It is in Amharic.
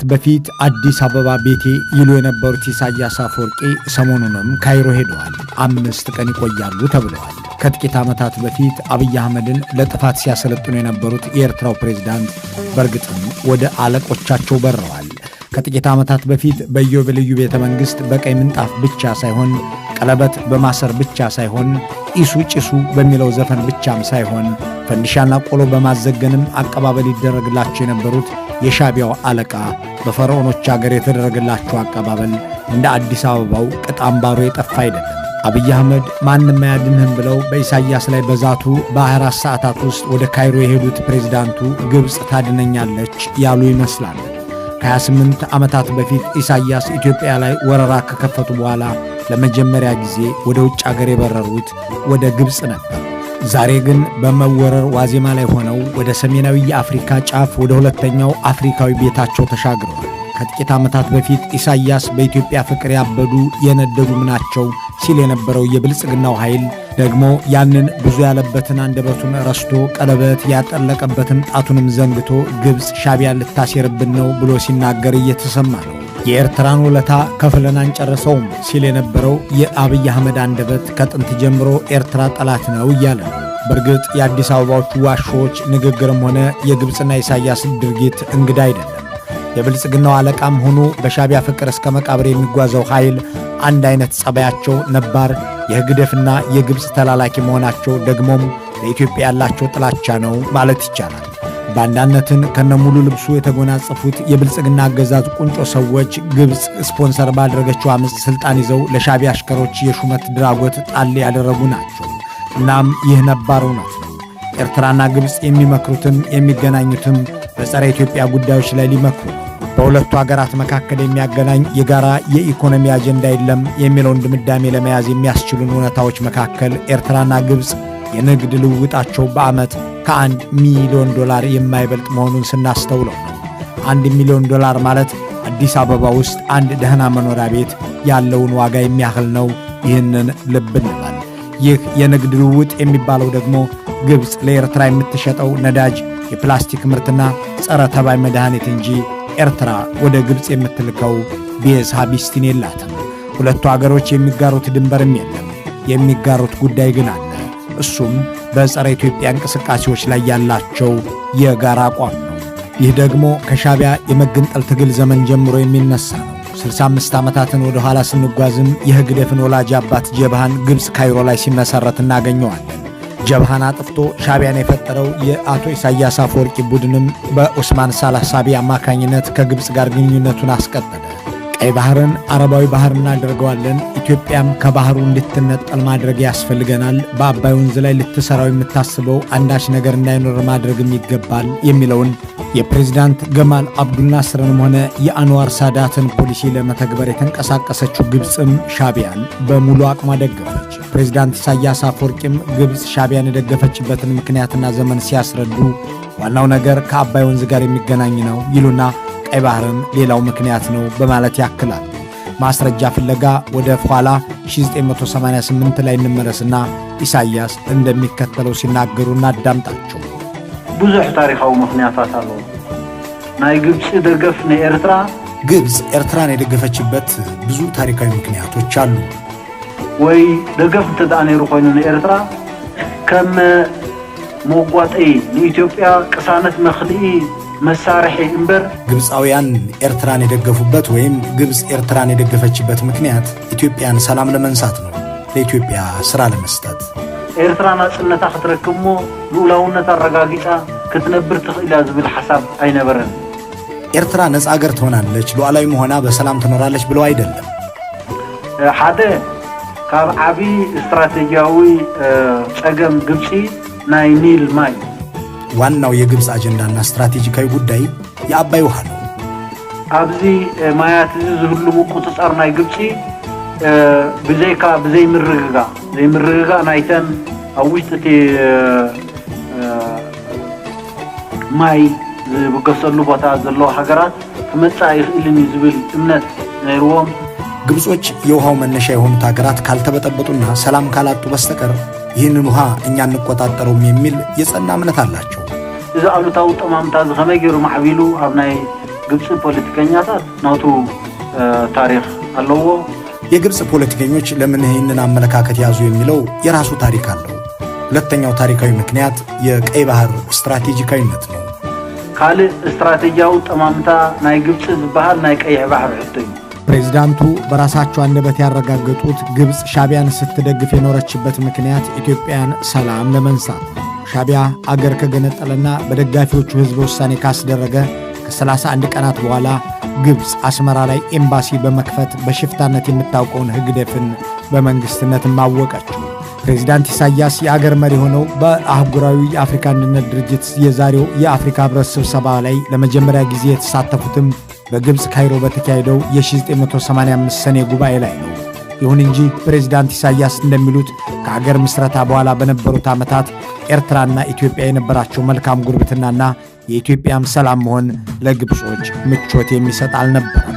ከወራት በፊት አዲስ አበባ ቤቴ ይሉ የነበሩት ኢሳያስ አፈወርቂ ሰሞኑንም ካይሮ ሄደዋል። አምስት ቀን ይቆያሉ ተብለዋል። ከጥቂት ዓመታት በፊት አብይ አህመድን ለጥፋት ሲያሰለጥኑ የነበሩት የኤርትራው ፕሬዝዳንት በእርግጥም ወደ አለቆቻቸው በረዋል። ከጥቂት ዓመታት በፊት በኢዮቤልዩ ቤተ መንግሥት በቀይ ምንጣፍ ብቻ ሳይሆን ቀለበት በማሰር ብቻ ሳይሆን ኢሱ ጭሱ በሚለው ዘፈን ብቻም ሳይሆን ፈንዲሻና ቆሎ በማዘገንም አቀባበል ይደረግላቸው የነበሩት የሻቢያው አለቃ በፈርዖኖች አገር የተደረገላቸው አቀባበል እንደ አዲስ አበባው ቅጥ አምባሮ የጠፋ አይደለም። አብይ አህመድ ማንም አያድንህም ብለው በኢሳይያስ ላይ በዛቱ በ24 ሰዓታት ውስጥ ወደ ካይሮ የሄዱት ፕሬዝዳንቱ ግብፅ ታድነኛለች ያሉ ይመስላል። ከ28 ዓመታት በፊት ኢሳይያስ ኢትዮጵያ ላይ ወረራ ከከፈቱ በኋላ ለመጀመሪያ ጊዜ ወደ ውጭ አገር የበረሩት ወደ ግብፅ ነበር። ዛሬ ግን በመወረር ዋዜማ ላይ ሆነው ወደ ሰሜናዊ የአፍሪካ ጫፍ ወደ ሁለተኛው አፍሪካዊ ቤታቸው ተሻግረዋል። ከጥቂት ዓመታት በፊት ኢሳይያስ በኢትዮጵያ ፍቅር ያበዱ የነደዱ ናቸው ሲል የነበረው የብልጽግናው ኃይል ደግሞ ያንን ብዙ ያለበትን አንደበቱን ረስቶ ቀለበት ያጠለቀበትን ጣቱንም ዘንግቶ ግብፅ ሻቢያን ልታሴርብን ነው ብሎ ሲናገር እየተሰማ ነው። የኤርትራን ውለታ ከፍለን አንጨርሰውም ሲል የነበረው የአብይ አህመድ አንደበት ከጥንት ጀምሮ ኤርትራ ጠላት ነው እያለ ነው። በእርግጥ የአዲስ አበባዎቹ ዋሾዎች ንግግርም ሆነ የግብፅና ኢሳያስ ድርጊት እንግዳ አይደለም። የብልጽግናው አለቃም ሆኑ በሻቢያ ፍቅር እስከ መቃብር የሚጓዘው ኃይል አንድ አይነት ጸባያቸው ነባር የህግደፍና የግብፅ ተላላኪ መሆናቸው ደግሞም ለኢትዮጵያ ያላቸው ጥላቻ ነው ማለት ይቻላል። ባንዳነትን ከነሙሉ ልብሱ የተጎናጸፉት የብልጽግና አገዛዝ ቁንጮ ሰዎች ግብፅ ስፖንሰር ባደረገችው አመፅ ስልጣን ይዘው ለሻቢያ አሽከሮች የሹመት ድራጎት ጣል ያደረጉ ናቸው። እናም ይህ ነባር እውነት ነው። ኤርትራና ግብፅ የሚመክሩትም የሚገናኙትም በጸረ ኢትዮጵያ ጉዳዮች ላይ ሊመክሩ ነው። በሁለቱ አገራት መካከል የሚያገናኝ የጋራ የኢኮኖሚ አጀንዳ የለም የሚለውን ድምዳሜ ለመያዝ የሚያስችሉን እውነታዎች መካከል ኤርትራና ግብፅ የንግድ ልውውጣቸው በዓመት ከአንድ ሚሊዮን ዶላር የማይበልጥ መሆኑን ስናስተውለው ነው። አንድ ሚሊዮን ዶላር ማለት አዲስ አበባ ውስጥ አንድ ደህና መኖሪያ ቤት ያለውን ዋጋ የሚያህል ነው። ይህንን ልብ እንበል። ይህ የንግድ ልውውጥ የሚባለው ደግሞ ግብፅ ለኤርትራ የምትሸጠው ነዳጅ፣ የፕላስቲክ ምርትና ጸረ ተባይ መድኃኒት እንጂ ኤርትራ ወደ ግብፅ የምትልከው ቤዝ ሀቢስቲን የላትም። ሁለቱ አገሮች የሚጋሩት ድንበርም የለም። የሚጋሩት ጉዳይ ግን አለ። እሱም በጸረ ኢትዮጵያ እንቅስቃሴዎች ላይ ያላቸው የጋራ አቋም ነው። ይህ ደግሞ ከሻቢያ የመገንጠል ትግል ዘመን ጀምሮ የሚነሳ ነው። 65 ዓመታትን ወደ ኋላ ስንጓዝም የህግደፍን ወላጅ አባት ጀብሃን ግብፅ ካይሮ ላይ ሲመሠረት እናገኘዋለን። ጀብሃን አጥፍቶ ሻቢያን የፈጠረው የአቶ ኢሳያስ አፈወርቂ ቡድንም በኡስማን ሳላሳቢ አማካኝነት ከግብፅ ጋር ግንኙነቱን አስቀጠለ። ቀይ ባህርን አረባዊ ባህር እናደርገዋለን። ኢትዮጵያም ከባህሩ እንድትነጠል ማድረግ ያስፈልገናል። በአባይ ወንዝ ላይ ልትሰራው የምታስበው አንዳች ነገር እንዳይኖር ማድረግም ይገባል የሚለውን የፕሬዚዳንት ገማል አብዱልናስርንም ሆነ የአንዋር ሳዳትን ፖሊሲ ለመተግበር የተንቀሳቀሰችው ግብፅም ሻቢያን በሙሉ አቅሟ ደገፈች። ፕሬዚዳንት ኢሳያስ አፈወርቂም ግብፅ ሻቢያን የደገፈችበትን ምክንያትና ዘመን ሲያስረዱ ዋናው ነገር ከአባይ ወንዝ ጋር የሚገናኝ ነው ይሉና ቀይ ባህርም ሌላው ምክንያት ነው በማለት ያክላል። ማስረጃ ፍለጋ ወደ ኋላ 1988 ላይ እንመለስና ኢሳያስ እንደሚከተለው ሲናገሩ እናዳምጣቸው። ብዙሕ ታሪካዊ ምክንያታት አለ ናይ ግብፂ ደገፍ ንኤርትራ ግብፅ ኤርትራን የደገፈችበት ብዙ ታሪካዊ ምክንያቶች አሉ። ወይ ደገፍ እንተደኣ ነይሩ ኮይኑ ንኤርትራ ከም መጓጠይ ንኢትዮጵያ ቅሳነት መኽልኢ መሳርሒ እምበር ግብፃውያን ኤርትራን የደገፉበት ወይም ግብፅ ኤርትራን የደገፈችበት ምክንያት ኢትዮጵያን ሰላም ለመንሳት ነው፣ ለኢትዮጵያ ስራ ለመስጠት። ኤርትራ ናፅነታ ክትረክብ እሞ ልኡላውነት ኣረጋጊፃ ክትነብር ትኽእላ ዝብል ሓሳብ ኣይነበረን። ኤርትራ ነፃ አገር ትሆናለች፣ ሉዓላዊ መሆና በሰላም ትኖራለች ብለው አይደለም። ሓደ ካብ ዓብዪ እስትራቴጂያዊ ፀገም ግብፂ ናይ ኒል ማይ ዋናው የግብፅ አጀንዳና ስትራቴጂካዊ ጉዳይ የአባይ ውሃ ነው። ኣብዚ ማያት እዚ ሁሉ ቁፅፃር ናይ ግብፂ ብዘይካ ብዘይ ምርግጋ ዘይምርግጋ ናይተን ኣብ ውሽጢ እቲ ማይ ዝብገሰሉ ቦታ ዘለዎ ሃገራት ክመፃ ይኽእልን እዩ ዝብል እምነት ነይርዎም። ግብፆች የውሃው መነሻ የሆኑት ሃገራት ካልተበጠበጡና ሰላም ካላጡ በስተቀር ይህንን ውሃ እኛ እንቆጣጠረውም የሚል የጸና እምነት አላቸው። እዚ ኣብነታዊ ጠማምታ እዚ ከመይ ገይሩ ማዕቢሉ ኣብ ናይ ግብፂ ፖለቲከኛታት ናቱ ታሪክ ኣለዎ። የግብፅ ፖለቲከኞች ለምን ይህንን አመለካከት ያዙ የሚለው የራሱ ታሪክ አለው። ሁለተኛው ታሪካዊ ምክንያት የቀይ ባህር ስትራቴጂካዊነት ነው። ካልእ ስትራቴጂያዊ ጠማምታ ናይ ግብፂ ዝበሃል ናይ ቀይሕ ባህር ሕቶ እዩ ፕሬዚዳንቱ በራሳቸው አንደበት ያረጋገጡት ግብፅ ሻቢያን ስትደግፍ የኖረችበት ምክንያት ኢትዮጵያን ሰላም ለመንሳት ሻቢያ አገር ከገነጠለና በደጋፊዎቹ ሕዝበ ውሳኔ ካስደረገ ከ31 ቀናት በኋላ ግብፅ አስመራ ላይ ኤምባሲ በመክፈት በሽፍታነት የምታውቀውን ህግደፍን በመንግሥትነት ማወቀችው። ፕሬዚዳንት ኢሳያስ የአገር መሪ ሆነው በአህጉራዊ የአፍሪካ አንድነት ድርጅት የዛሬው የአፍሪካ ህብረት ስብሰባ ላይ ለመጀመሪያ ጊዜ የተሳተፉትም በግብፅ ካይሮ በተካሄደው የ1985 ሰኔ ጉባኤ ላይ ነው። ይሁን እንጂ ፕሬዚዳንት ኢሳያስ እንደሚሉት ከአገር ምስረታ በኋላ በነበሩት ዓመታት ኤርትራና ኢትዮጵያ የነበራቸው መልካም ጉርብትናና የኢትዮጵያም ሰላም መሆን ለግብጾች ምቾት የሚሰጥ አልነበር።